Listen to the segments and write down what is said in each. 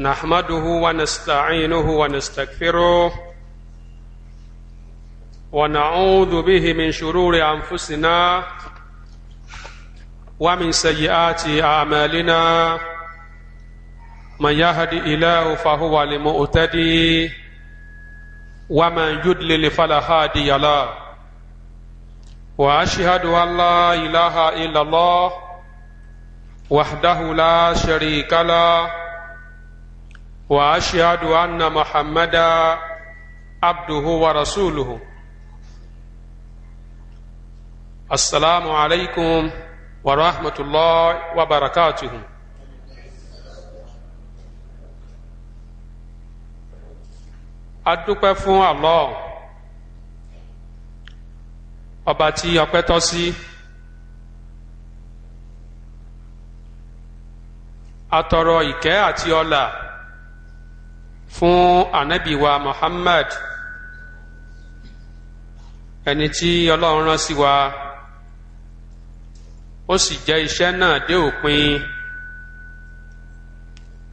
نحمده ونستعينه ونستغفره ونعوذ به من شرور انفسنا ومن سيئات اعمالنا من يهد اله فهو المؤتدي ومن يدلل فلا هادي له واشهد ان لا اله الا الله وحده لا شريك له واشهد ان محمدا عبده ورسوله السلام عليكم ورحمه الله وبركاته adúpẹ́ fún Allah ọba tí ọpẹ́ tọ́ sí atọrọ ìkẹ́ àti ọlà fún anabi wa muhammad ẹni tí ọlọ́run rán sí wa ó sì jẹ́ iṣẹ́ náà dé òpin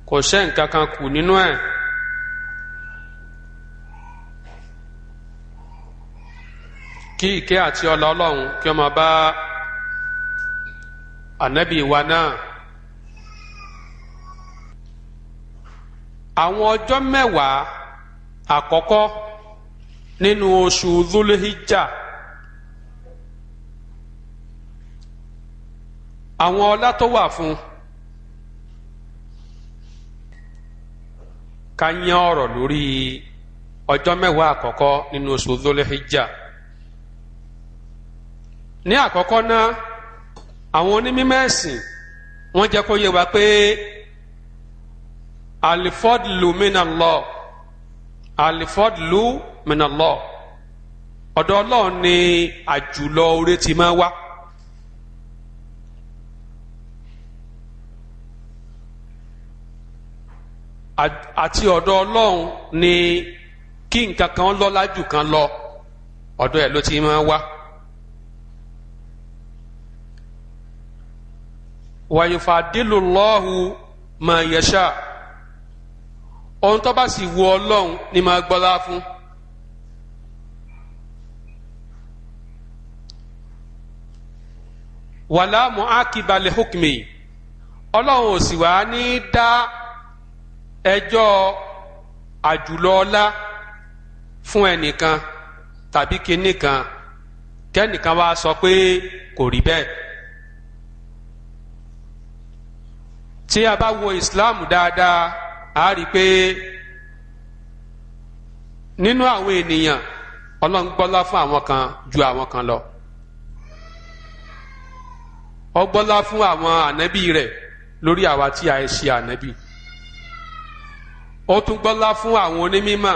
kò ṣẹ́ nǹkan kan kù nínú ẹ̀ kí ìkẹ́ àti ọlá ọlọ́run kí ó máa bá anabi wa náà. àwọn ọjọ́ mẹ́wàá àkọ́kọ́ nínú oṣù dhulhijja àwọn ọlá tó wà fún ká yẹn ọ̀rọ̀ lórí ọjọ́ mẹ́wàá àkọ́kọ́ nínú oṣù dhulhijja ní àkọ́kọ́ náà àwọn onímọ̀ ẹ̀sìn wọ́n jẹ́ kó yé wa pé alifọdulu minalọ alifọdulu minalọ ọ̀dọ̀ Ọlọ́run ni àjùlọ oore ti máa wá. àti ọ̀dọ̀ Ọlọ́run ni kí nǹkan kan lọ́lá jù kan lọ ọ̀dọ̀ ẹ̀ ló ti máa wá. wàyífà dìlù lọ́hùn mà yẹ̀ṣà ohun tó bá sì wu ọlọ́run ni máa gbọ́lá fún. wàlá mu'akiba li hukmi ọlọ́run ò sì wá ní dá ẹjọ́ àjùlọ ọlá fún ẹnìkan tàbí kinní kan kẹ́nìkan wá sọ pé kò rí bẹ́ẹ̀. tí a bá wo Islam dáadáa a rí i pé nínú àwọn ènìyàn ọlọ́run gbọ́lá fún àwọn kan ju àwọn kan lọ ó gbọ́lá fún àwọn ànábì rẹ̀ lórí àwa tí a ṣe ànábì ó tún gbọ́lá fún àwọn onímímọ̀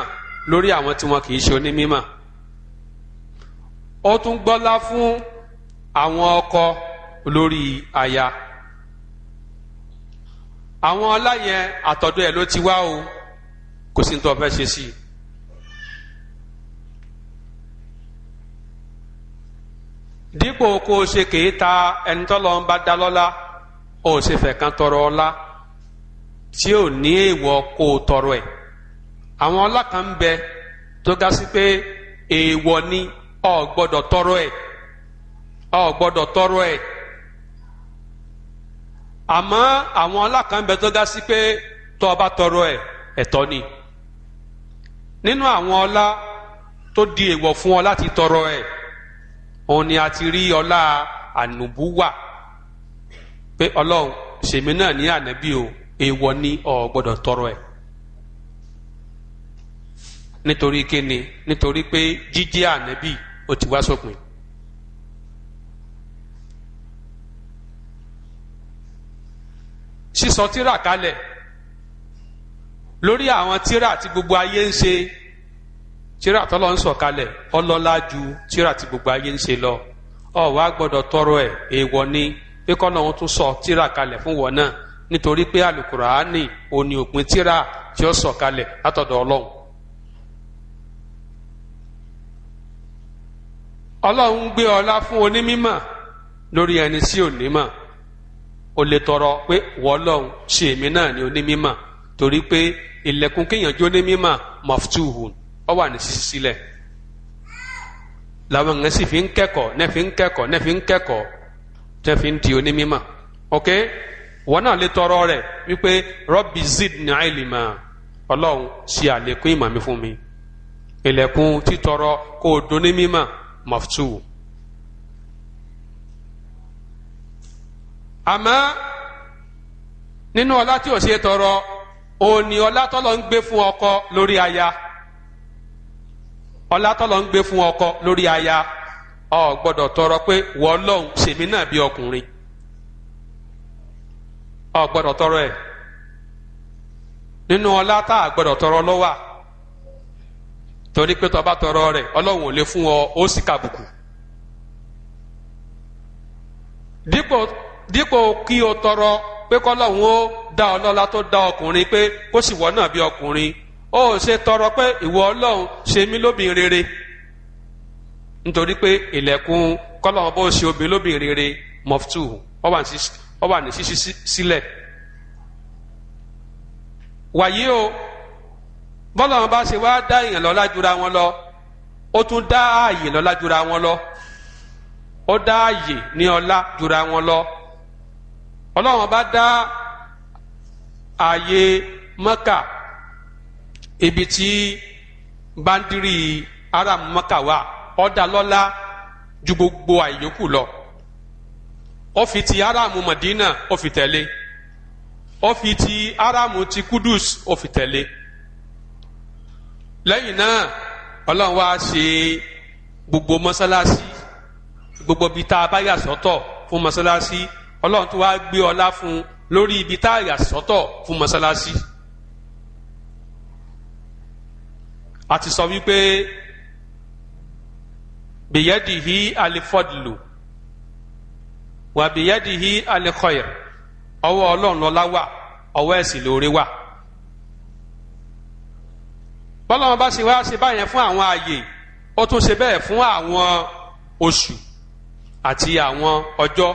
lórí àwọn tí wọn kì í ṣe onímímọ̀ ó tún gbọ́lá fún àwọn ọkọ lórí aya àwọn ọlá yẹn àtọ̀dọ̀ ẹ̀ ló ti wá o kò sí ní tó fẹ́ ṣe sí i. dípò kó o ṣe kèé ta ẹni tọ́lọ́ ń bá dá lọ́lá o ṣe fẹ́ kan tọrọ ọlá tí ò ní èèwọ̀ kó o tọrọ ẹ̀ àwọn ọlá kan ń bẹ tó ga sí pé èèwọ̀ ni o gbọ́dọ̀ tọrọ ẹ̀ o gbọ́dọ̀ tọrọ ẹ̀ àmọ́ àwọn alákànbẹ tó ga sí pé tó o bá tọrọ ẹ̀ ẹ̀tọ́ ni nínú àwọn ọlá tó di èèwọ̀ fún ọ láti tọrọ ẹ̀ òun ni a ti rí ọlá ànùbúwà pé ọlọ́run ṣèmi náà ní ànábì o èèwọ̀ ni o gbọ́dọ̀ tọrọ ẹ̀ nítorí kíni nítorí pé jíjẹ́ ànábì ó ti wá sópin. So sísọ tíra kalẹ̀ lórí àwọn tíra tí gbogbo ayé ń ṣe tíra tọ́lọ́ ń sọ kalẹ̀ ọlọ́lá ju tíra tí gbogbo ayé ń ṣe lọ ọ wá gbọ́dọ̀ tọrọ ẹ̀ èèwọ̀ ni pé kọ́nà wọn tún sọ tíra kalẹ̀ fún wọn náà nítorí pé alukuraani òní òpin tíra tí ó sọ kalẹ̀ látọ̀dọ̀ ọlọ́run. ọlọ́run gbé ọlá fún onímímọ̀ lórí ẹni sí onímọ̀ o lè tọrọ pé wọ́ọ́lọ́hún ṣe èmi náà ní onímímọ̀ torí pé ilẹ̀kùn kéèyàn jó onímímọ̀ mọ̀fútùhùn ọ wà ní sísí sílẹ̀ làwọn èèyàn sì fi ń kẹ́kọ̀ọ́ náà fi ń kẹ́kọ̀ọ́ náà fi ń kẹ́kọ̀ọ́ tẹ́ fi ń di onímímọ̀ ok wọn náà lè tọrọ rẹ̀ wípé rọ́bì zidni ilma ọlọ́run ṣe àlékún ìmọ̀ mi fún mi ilẹ̀kùn títọrọ kó o dún ní mímọ̀ àmọ́ nínú ọlá tí ò ṣe tọrọ òní ọlá tọ́lọ̀ ń gbé fún ọkọ lórí aya ọlá tọ́lọ̀ ń gbé fún ọkọ lórí aya ọ gbọ́dọ̀ tọrọ pé wọ́n lọ́hùn ṣèmi náà bí ọkùnrin ọ gbọ́dọ̀ tọrọ ẹ̀ nínú ọlá tá a gbọ́dọ̀ tọrọ lọ́wọ́ torí pé tọba tọrọ rẹ̀ ọlọ́run ò lè fún ọ ó sì kàbùkù dípò dípò kí o tọrọ pé kọ́lọ́hún ó dá ọ lọ́lá tó dá ọkùnrin pé kó sì wọ́ náà bí ọkùnrin ó ṣe tọrọ pé ìwọ ọlọ́hun ṣe mí lóbìn rere nítorí pé ilẹ̀kùn kọ́lọ́hún bó ṣe obìn lóbìn rere mọ̀fútù ọ wà ní ṣíṣí sílẹ̀ wàyí o bọ́lá bá ṣe wá dá èèyàn lọ́lá jura wọn lọ ó tún dá ààyè lọ́lá jura wọn lọ ó dá ààyè ní ọlá jura wọn lọ ọlọ́run bá dá ààyè mọ́kà ibi tí báńdírì ará mọ́kà wà ó dá lọ́lá ju gbogbo àyókù lọ ó fi ti aráàmù mọ̀dínà ó fi tẹ̀lé ó fi ti aráàmù ti kudus ó fi tẹ̀lé lẹ́yìn náà ọlọ́run wá ṣe gbogbo mọ́sálásí gbogbo bíi tá a bá yà sọ́tọ̀ fún mọ́sálásí ọlọ́run tó wá gbé ọlá fún lórí ibi tá a yà sọ́tọ̀ fún mọ́sálásí a ti sọ wípé bìyẹ́dìhí alifọ́dìlù wà bìyẹ́dìhí alikọ́yẹ̀ ọwọ́ ọlọ́run lọ́lá wà ọwọ́ ẹ̀sìn lóore wà bọ́lọ́mọ bá ṣe wá ṣe báyẹn fún àwọn ààyè ó tún ṣe bẹ́ẹ̀ fún àwọn oṣù àti àwọn ọjọ́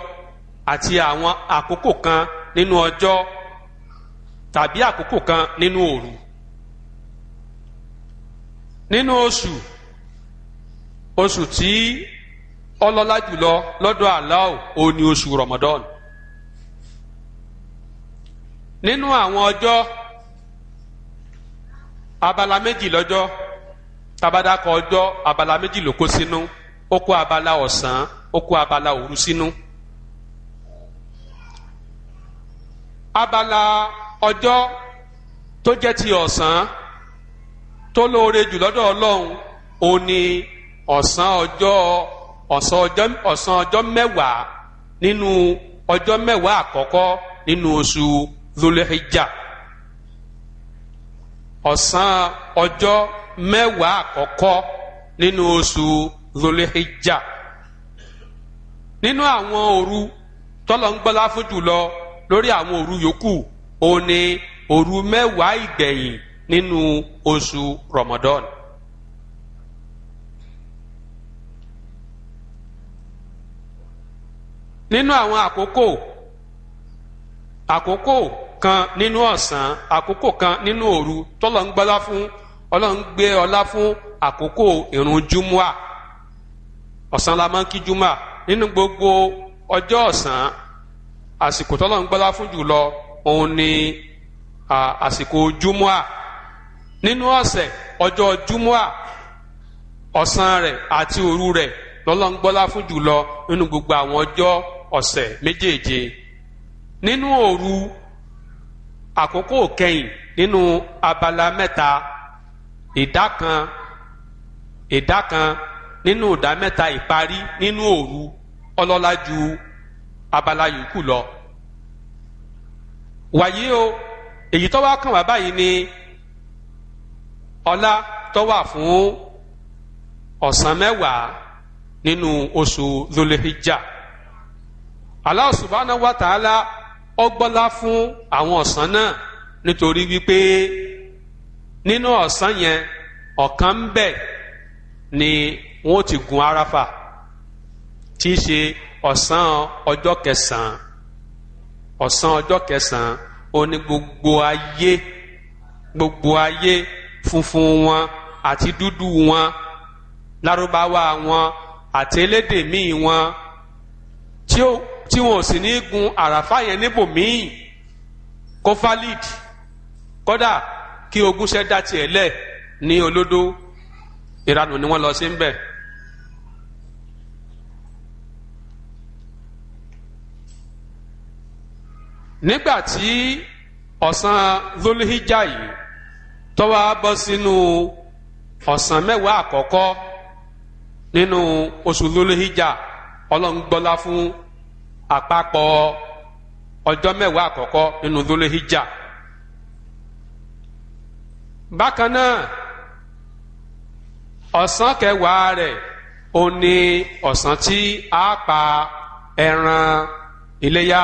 àti àwọn àkókò kan nínú ọjọ́ tàbí àkókò kan nínú òru nínú oṣù oṣù tí ọlọ́lá jùlọ lọ́dọ̀ Allah ó ní oṣù Ramadan nínú àwọn ọjọ́ abala méjì lọ́jọ́ tabadakọ ọjọ́ abala méjì ló kó sínú ó kó abala ọ̀sán ó kó abala òru sínú. Si abala ọjọ́ tó jẹ́ ti ọ̀sán tó lóore jù lọ́dọ̀ ọlọ́run ó ní ọ̀sán ọjọ́ ọ̀sán ọjọ́ ọ̀sán ọjọ́ mẹ́wàá nínú ọjọ́ mẹ́wàá àkọ́kọ́ nínú oṣù lólehijjá ọ̀sán ọjọ́ mẹ́wàá àkọ́kọ́ nínú oṣù lólehijjá nínú àwọn òru tọ́lọ́ ń gbọ́lá fún jùlọ. lórí àwọn òru yòókù ó òru mẹ́wàá ìgbẹ̀yìn nínú oṣù Ramadan. nínú àwọn àkókò àkókò kan nínú ọ̀sán àkókò kan nínú òru tọ́lọ́ ń gbọ́lá fún ọlọ́run gbé ọlá fún àkókò ìrun júmọ́à ọ̀sán la máa ń kí júmọ́à nínú gbogbo ọjọ́ ọ̀sán àsìkò tọ́lọ̀ ń gbọ́lá fún jùlọ òun ni àsìkò júmọ́à nínú ọ̀sẹ̀ ọjọ́ júmọ́à ọ̀sán rẹ̀ àti òru rẹ̀ lọ́lọ́ ń gbọ́lá fún jùlọ nínú gbogbo àwọn ọjọ́ ọ̀sẹ̀ méjèèje nínú òru àkókò kẹ́yìn nínú abala mẹ́ta ìdá kan ìdá kan nínú ìdá mẹ́ta ìparí nínú òru ọlọ́lá ju abala yòókù lọ wàyí o èyí tó wá kàn wá báyìí ni ọlá tó wà fún ọ̀sán mẹ́wàá nínú oṣù Dhul-Hijjah Allah Subhanahu wa fún àwọn ọ̀sán náà nítorí wípé nínú ọ̀sán yẹn ọ̀kan ń bẹ ni wọ́n ti gun Arafa tí í ṣe ọ̀sán ọjọ́ kẹsàn-án ọ̀sán ọjọ́ kẹsàn-án ó ní gbogbo ayé gbogbo ayé funfun wọn àti dúdú wọn lárúbáwá wọn àti elédè míì wọn tí wọn ò sì ní gun àràfà yẹn níbòmíì kó kódà kí ogúnṣẹ́ dá tiẹ̀ lẹ̀ ní olódó ìranù ni wọ́n lọ sí ń bẹ̀. nígbà tí ọ̀sán lólihíjà yìí tó wá bọ́ sínú ọ̀sán mẹ́wàá àkọ́kọ́ nínú oṣù lólihíjà ọlọ́ngbọ́lá fún àpapọ̀ ọjọ́ mẹ́wàá àkọ́kọ́ nínú lólihíjà bákan náà ọ̀sán kẹwàá rẹ̀ ó ní ọ̀sán tí a pa ẹran iléyá.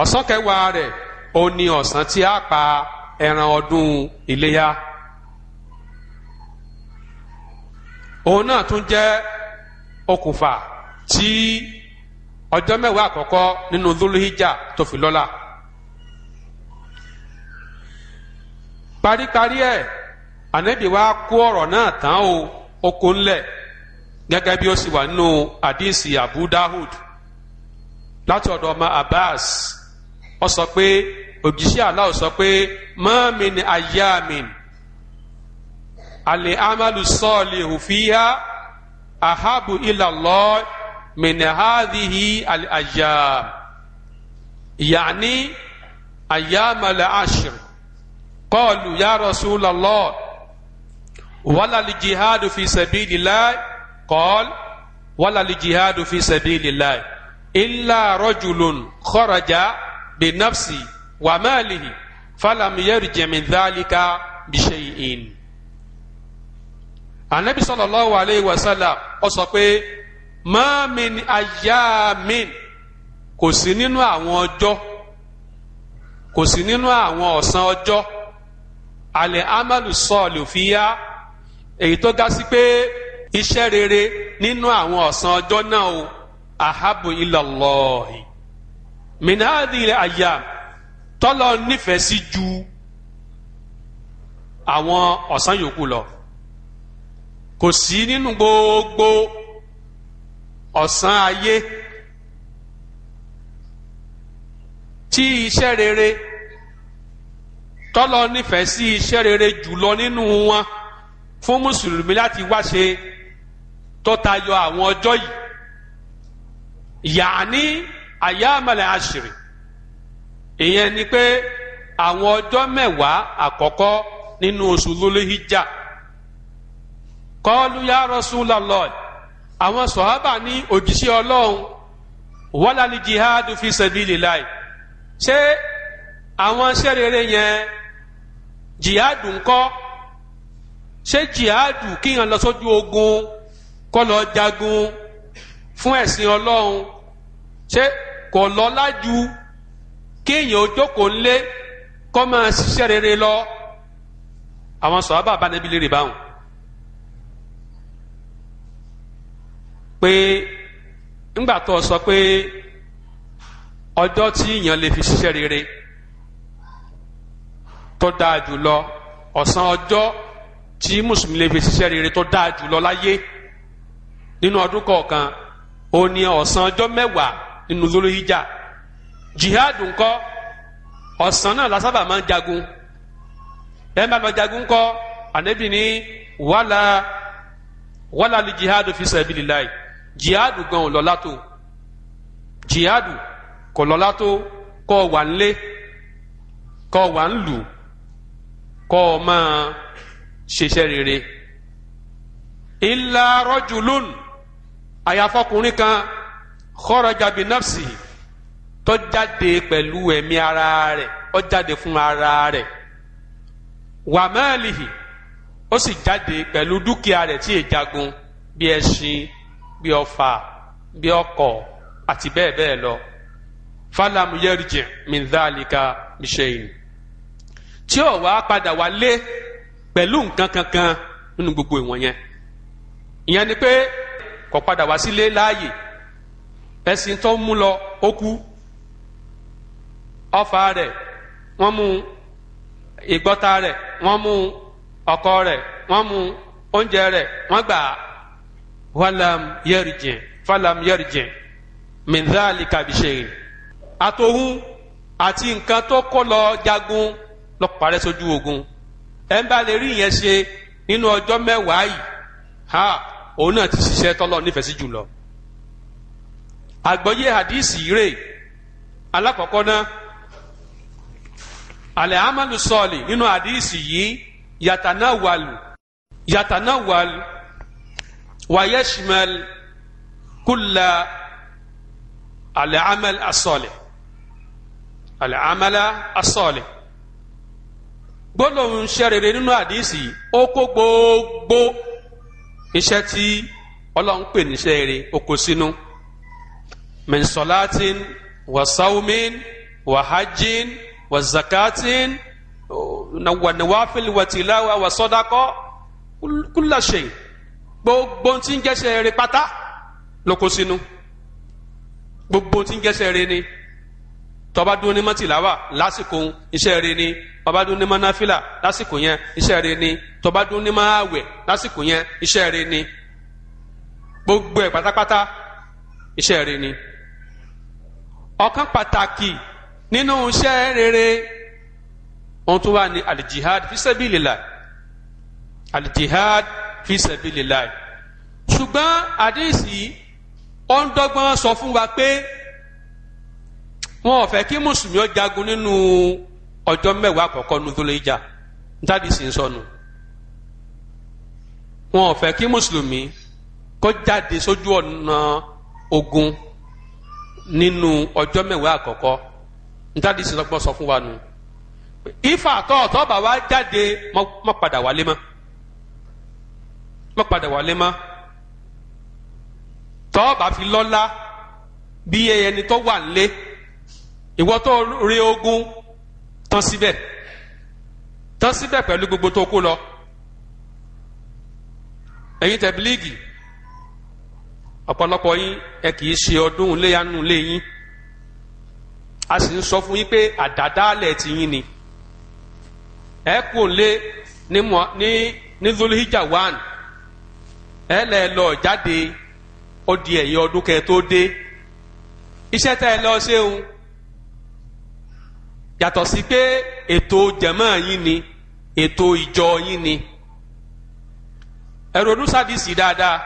ọ̀sán kẹwàá rẹ̀ ó ní ọ̀sán tí a pa ẹran ọdún iléyá òun náà tún jẹ́ okùnfà tí ọjọ́ mẹ́wàá àkọ́kọ́ nínú dúlúhíjà tó fi lọ́lá paríparí ẹ̀ ànábì wa kó ọ̀rọ̀ náà tán o oko ńlẹ̀ gẹ́gẹ́ bí ó sì wà nínú àdìsí Abu Dahud láti ọ̀dọ̀ ọmọ Abbas ó sọ pé òjíṣẹ́ Allah sọ pé mọ́mìn ayámin àlẹ́ amalu sọ́ọ̀lì òfìhá ahabu ilallah mìnàhádìhì àlẹ́ àyà yàní àyàmàlẹ̀ àṣìr kọ́ọ̀lù yà rasulallah wàlàlì jihadu fi sabilillah kọ́ọ̀lù wàlàlì jihadu fi sabilillah illa rajulun kharaja bi nafsi wa maalihi falam yarji min dhalika bi shay'in. anabi sallallahu alayhi wa sallam ó sọ pé ma min ayyamin kò sí nínú àwọn ọjọ́ kò sí nínú àwọn ọ̀sán ọjọ́ alẹ́ amalu sọ̀lù fìyà èyí tó ga sí iṣẹ́ rere nínú àwọn ọ̀sán ọjọ́ náà o ahabu ilallahi Minaadi le al-ayyam tọ́lọ́ nífẹ̀ẹ́ sí ju àwọn ọ̀sán yòókù lọ kò sí nínú gbogbo ọ̀sán ayé tí iṣẹ́ rere tọ́lọ́ nífẹ̀ẹ́ sí iṣẹ́ rere jùlọ nínú wọn fún mùsùlùmí láti wá ṣe tó tayọ àwọn ọjọ́ yìí yàní. Yani, Ayamale àṣírí ìyẹn ni pé àwọn ọjọ́ mẹ́wàá àkọ́kọ́ nínú oṣù lólehíjà kọ́ọ́lù yá Rasulullah àwọn sọ̀hábà ní òjíṣẹ́ ọlọ́run wọ́lá ní jihad fi sabilillah ṣé àwọn sẹ́rẹ̀ẹ́rẹ́ yẹn jihad ńkọ́ ṣé jihad kíyàn lọ sójú ogun kọ́ jagun fún ẹ̀sìn ọlọ́run ṣé kò lọ́lá ju kéèyàn ó jókòó ńlé kó máa ṣiṣẹ́ rere lọ àwọn sọ̀rọ̀ bàbá níbi lè rè báwọn pé ńgbà tó sọ pé ọjọ́ tí èèyàn lè fi ṣiṣẹ́ rere tó dáa jùlọ ọ̀sán ọjọ́ tí mùsùlùmí lè fi ṣiṣẹ́ rere tó dáa jùlọ láyé nínú ọdún kọ̀ọ̀kan ó ní ọ̀sán ọjọ́ mẹ́wàá nínú zolóhíjà jihad ńkọ́ ọ̀sán náà lásábà máa ń jagun ẹ̀ máa lọ jagun ńkọ́ ànábì ní wàlà wàlà lè jihad fi sabilillahi jihad gan ò lọ́lá tó jihad kò lọ́lá tó kọ́ wà ń kọ́ wà ń kọ́ máa ṣiṣẹ́ rere illa rajulun àyàfọkùnrin kan kharaja bi nafsi tó jáde pẹ̀lú ẹ̀mí ara rẹ̀ ó jáde fún ara rẹ̀ wa malihi ó sì jáde pẹ̀lú dúkìá rẹ̀ tí èjagun bí ẹṣin bí ọfà bí ọkọ̀ àti bẹ́ẹ̀ bẹ́ẹ̀ lọ falamu yẹrìjì mindalika bishayin tí ó wá padà wálé pẹ̀lú nǹkan kankan nínú gbogbo ìwọ̀n yẹn ìyẹn ni pé kò padà wá sílé láàyè ẹ̀sìn tó mú lọ ó kú ọfà rẹ̀ wọ́n mú ìgbọ́ta rẹ̀ wọ́n mú ọkọ rẹ̀ wọ́n mú oúnjẹ rẹ̀ wọ́n gbà wàlám yẹrìjìn fàlám yẹrìjìn mìíràn kàbíṣe àtòhún àti nǹkan tó kó lọ jagun lọ parẹ́ sójú ogun ẹ̀ ń bá lè rí ìyẹn ṣe nínú ọjọ́ mẹ́wàá yìí ha òun náà ti ṣiṣẹ́ tọ́lọ́ nífẹ̀ẹ́ jùlọ àgbọ́yé hadisi rè alákọ̀ọ́kọ́ náà alẹ́ amadu sọ́ọ̀lì nínú hadisi yìí yàtànà wàlù yàtànà wàlù wàyẹ́sìmẹ́lì kúlà alẹ́ amẹ́lì asọ́ọ̀lì alẹ́ amẹ́lì asọ́ọ̀lì gbólóhùn iṣẹ́ rere nínú àdìsí ó kó gbogbo iṣẹ́ tí ọlọ́run pè níṣẹ́ rere ó kó sínú. Si من solatin wa saumin wa ونوافل wa zakatin كل nawafil wa tilawa wa sọdakọ kula ṣe gbogbo tí ń jẹ́ṣẹ́ rere pátá ló kó sínú gbogbo tí ń jẹ́ṣẹ́ rere ni tó bá dún ní mọ́tìláwà lásìkò iṣẹ́ rere ni tó dún ní mọ́náfílà lásìkò yẹn iṣẹ́ rere ni tó dún ní mọ́àwẹ̀ lásìkò yẹn iṣẹ́ rere ni gbogbo ẹ̀ pátápátá iṣẹ́ rere ni ọ̀kan pàtàkì nínú iṣẹ́ rere ohun tó wà ní alijihad fisabilillah alijihad fisabilillah ṣùgbọ́n àdéhìsì ó ń dọ́gbọ́n sọ fún wa pé wọn ò fẹ́ kí mùsùlùmí jagun nínú ọjọ́ mẹ́wàá àkọ́kọ́ nu tó lè jà nítorí sì ń sọnù wọn ò fẹ́ kí mùsùlùmí kó jáde sójú ọ̀nà ogun nínú ọjọ́ mẹ́wàá àkọ́kọ́ nítorí ìsìnkú sọ fún wa nù ifá tọ́ ọ̀tọ́ bá wa jáde mọ́ padà wálé mọ́ mọ́ padà wálé mọ́ tọ́ bá fi lọ́lá bí ẹni tó wà nílé ìwọ tó rí ogun tán síbẹ̀ tán síbẹ̀ pẹ̀lú gbogbo tó kó lọ ẹ̀yin tẹ̀bílíìgì ọ̀pọ̀lọpọ̀ yín ẹ kì í ṣe ọdún léyanu léyìn a sì ń sọ fún yín pé àdádálẹ̀ ti yín ni ẹ kò lé ní ní zolihija one ẹ lẹ lọ jáde ó di ẹ̀yìn ọdún kẹ tó dé iṣẹ́ tẹ́ ẹ lọ ṣeun yàtọ̀ sí pé ètò jẹ̀mọ́ yín ni ètò ìjọ yín ni ẹ ronú sádìsì dáadáa.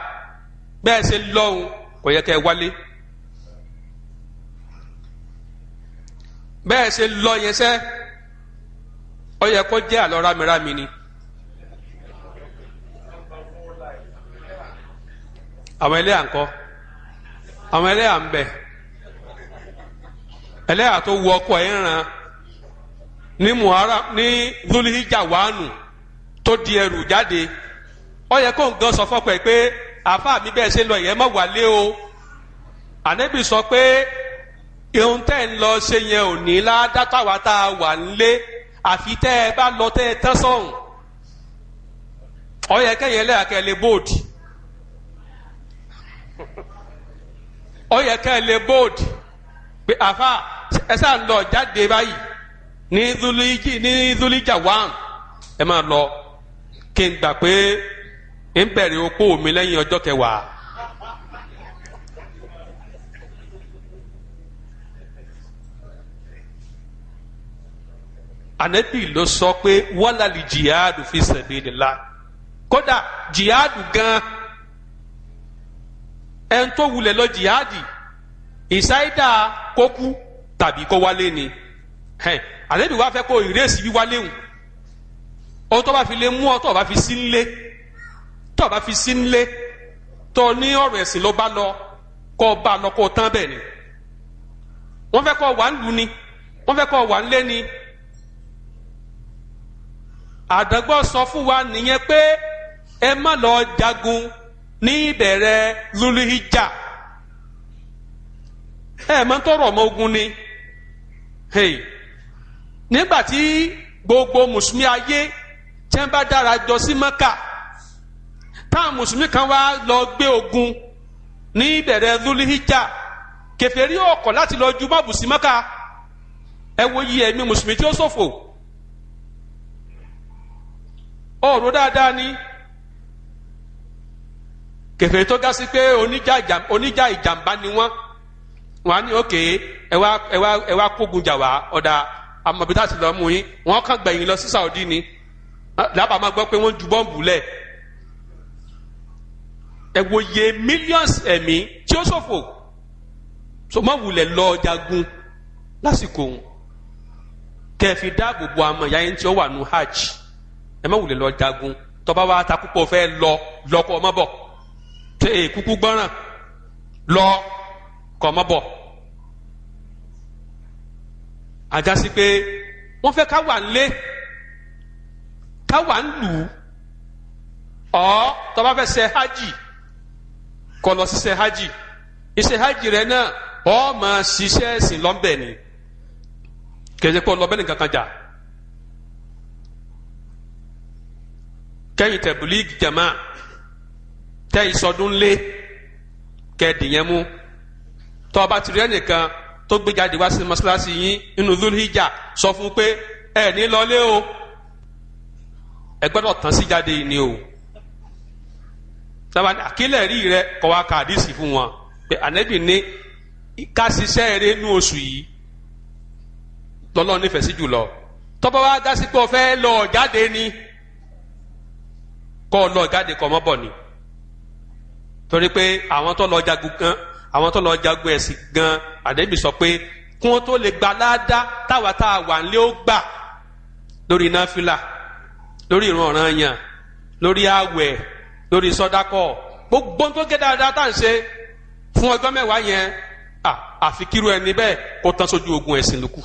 bẹ́ẹ̀ ṣe lọ́hùn kò yẹ kẹ́ ẹ wálé bẹ́ẹ̀ ṣe lọ yẹn sẹ́ ọ yẹ kó jẹ́ àlọ́ rámìrámì ni. àwọn ẹlẹ́yà ńkọ́ àwọn ẹlẹ́yà ẹlẹ́yà tó wọ ẹ̀ ń ní muhara ní zulhijja tó di ẹrù jáde ó yẹ kó sọ fọ́pẹ́ pé àfa mi bẹ́ẹ̀ ṣe lọ yẹn má wálé o ànẹ́bì sọ pé irun tẹ́ ń lọ ṣe yẹn ò ní ládá táwa tá a wà ń lé àfi tẹ́ ẹ bá lọ tẹ́ ẹ tán sọ̀hún ọyẹ kẹyìn ẹlẹ́yà kẹ lè bóòdì ọyẹ kẹ lè bóòdì pé àfa ẹ sáà ń lọ jáde báyìí ní zulíjà wán ẹ máa lọ kí n gbà pé ń bẹ̀rẹ̀ okó mi lẹ́yìn ọjọ́ kẹwàá. ànẹ́bì ló sọ pé wọ́lálì jihadu fi sabilillah kódà jihadu gan ẹn tó wulẹ̀ lọ jihadi ìsáídà kó kú tàbí kó wálé ni ànẹ́bì wá fẹ́ kó ìrèsì wíwálé hùn ohun tó bá fi lé mú ọ bá fi sí ń lé. tó bá fi sí nílé tó ní ọ̀rọ̀ ẹ̀sìn ló bá lọ kó bá lọ kó tán bẹ́ẹ̀ ni wọ́n fẹ́ kó wà ń lu ni wọ́n fẹ́ kó wà ń lé ni Àdàgbọ sọ fún wa nìyẹn pé ẹ má lọ jagun ní ìbẹ̀rẹ̀ lulihija ẹ má tọrọ ọmọ ogun ni nígbà tí gbogbo mùsùlùmí ayé tí wọ́n bá dára jọ sí mọ́kà. táwọn mùsùlùmí kan wá lọ gbé ogun ní bẹ̀rẹ̀ zulihijja kèfèrí ọkọ̀ láti lọ ju báàbù sí mọ́kà ẹ wo yí ẹ̀mí mùsùlùmí tí ó ṣòfò ọ̀rọ̀ dáadáa ni kèfèrí tó ga sí pé oníjà ìjàmbá ni wọ́n wọ́n á ní òkè ẹ wá kógun jà wá ọ̀dà amọ̀bí láti lọ́ọ́ mú yín wọ́n kàn gbẹ̀yìn lọ sí Saudi ni lábàá máa gbọ́ pé wọ́n ju bọ́ǹbù lẹ̀ ẹ wo ye millions ẹ̀mí tí ó ṣòfò so má wulẹ̀ lọ jagun lásìkò òun kẹfì dáàbò bo àmọ́ ìyá yẹn tí ó wà nù hajj ẹ má wulẹ̀ lọ jagun tọba wa ta púpọ̀ fẹ́ lọ lọkọ̀ ọmọ bọ̀ tẹ ẹ kúkú gbọ́ràn lọ kọ̀ ọmọ bọ̀ pé wọ́n fẹ́ ká wà nílé ká wà ń lù ọ́ tọba fẹ́ ṣe hajj kó lọ ṣiṣẹ́ hajj iṣẹ́ hajj rẹ náà ọ máa ṣiṣẹ́ ẹ̀sìn ni kẹ̀sẹ̀ kó lọ bẹ́ẹ̀ nìkan kan jà kẹ́yìn tẹ̀bùlíìgì jàmá tẹ́ ìsọdún lé kẹ́ẹ̀dìyẹn mú tọ́ ọba tìrẹ́ nìkan tó gbé jáde wá sí mọ́ṣáláṣí yín nínú zulhijja sọ fún un pé ẹ ní lọlé o ẹ tán sí jáde ni o sábà àkílẹ̀ rí rẹ kọ́ wa ka àdìsí fún wọn pé ànẹ́bì ní ká ṣiṣẹ́ eré nú oṣù yìí lọ́lọ́ nífẹ̀ẹ́ sí jùlọ tọ́pọ̀ wa dásí pé o fẹ́ lọ jáde ni kọ́ ọ lọ jáde kọ́ mọ́ bọ̀ ni torí pé àwọn tó lọ jagun gan àwọn tó lọ jagun ẹ̀sìn gan ànẹ́bì sọ pé kí wọ́n tó lè gba láàdá táwa tá a wà ń lé ó gbà lórí náfìlà lórí ìran ọ̀ràn yàn lórí àwẹ̀ lórí sọdákọ gbogbo tó gé dáadáa tá à ń ṣe fún ọjọ́ mẹ́wàá yẹn àfi kírú ẹni bẹ́ẹ̀ kó tán sójú ogun ẹ̀sìn lókù.